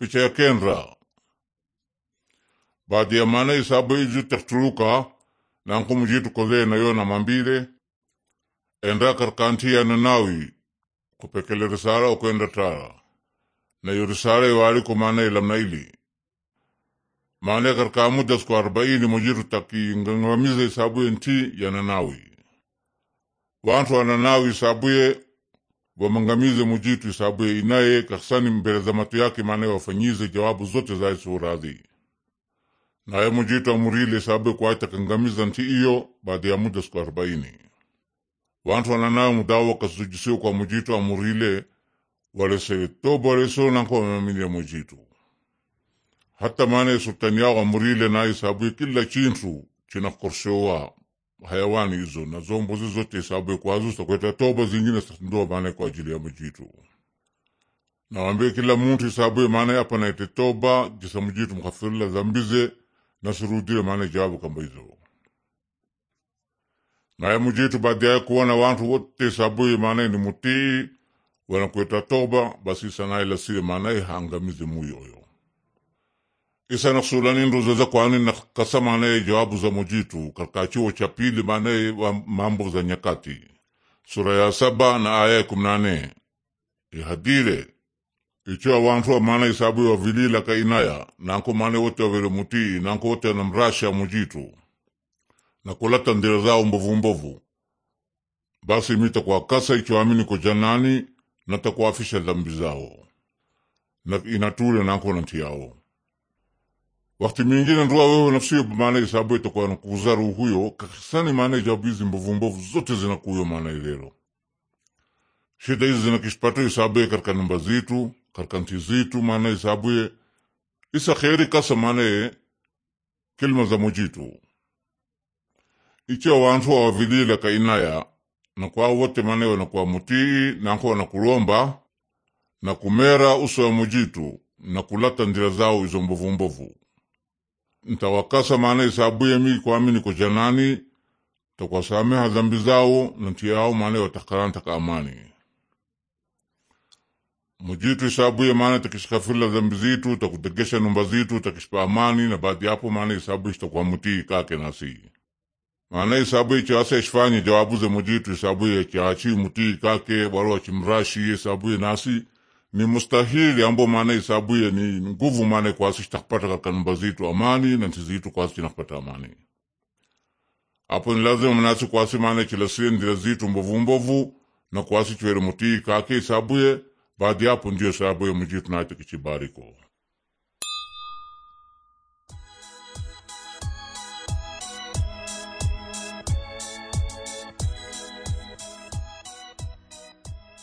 picha ya kenra baadhi ya mana isabu izi tekturuka nankumujitukoze na mambire enda karkanti ya nanawi kupekele risala ukwenda tara nayo risala iwali kumana ilamnaili maana karkamuda siku arobaini mujiru ngangamiza isabu nti ya nanawi wantu nanawi isabuye wamangamize mujitu ye inaye kasani mbele za matu yake maana wafanyize jawabu zote za Yesu radhi naye mujitu amurile ye kwaita kangamiza nti iyo baada ya muda siku arobaini wantu wananayo mudawa wakasujisiwe kwa mujitu amurile walesele tobo leso nanko wamamilia mujitu hata maana sultani yao amurile naye isabue kila chintu chinakorsewa hayawani hizo na zombozi zote hesabu kwazo utakweta toba zingine ndoa maana kwa ajili ya mjitu nawambia kila muntu hesabu maana hapa naite toba jisa mjitu mkafirila zambize nasirudile maana jawabu kamba hizo naye mjitu baadaye kuona wantu wote hesabu maana ni mutii wanakweta toba basi sanaye lasile maana hangamize muyoyo isana sulani nduze za kwani kasama manaye jawabu za mujitu katika chuo cha pili manaye wa mambo za nyakati sura ya saba na aya ya kumi na nane ihadile icho awantu amana isabu wa vilila ka inaya nanko mane wote waveremutii nanko wote ya mujitu nakulata ndira zao mbovumbovu basi kasa icho amini ko janani natakuafisha dhambi zao na inatule nanko nantiyao Wakati mwingine ndoa wewe nafsi yako maana sababu itakuwa na kuzaru huyo kakisani maana ijabu hizi mbovu mbovu zote zinakuyo maana ilero. Shida hizi zinakishipata isabu katika namba zitu, katika nti zitu maana isabu ye isa khairi kasa maana ye kilima za mujitu. Icha wantu wa vilila ka inaya na kwa wote maana ye wanakuwa mutii na kwa wanakulomba na kumera uso wa mujitu na kulata ndira zao izo mbovu mbovu ntawakasa maana isabuye mi kwami niko janani takwasameha dhambi zao nantiao maana yawatakarana taka amani mujitu isabuye maana fila dhambi zitu takudegesha numba zitu takishipa amani na baadi yapo maana isabuye shitakuamutii kake nasi maana isabuye chiasa ishifanye jawabu ze mujitu isabuye chiachi mutii kake walo wachimrashi isabuye nasi ni mustahili ambo maana isabuye ni nguvu maana kwasi chitakupata katika nyumba zitu amani na nchi zitu kwasi chinakupata amani apo ni lazima mnasi kwasi maana chilasie ndila zitu mbovumbovu na kwasi chiwere mutii kake isabuye baadi apo ndio isabuye mjitu nacho kichibariko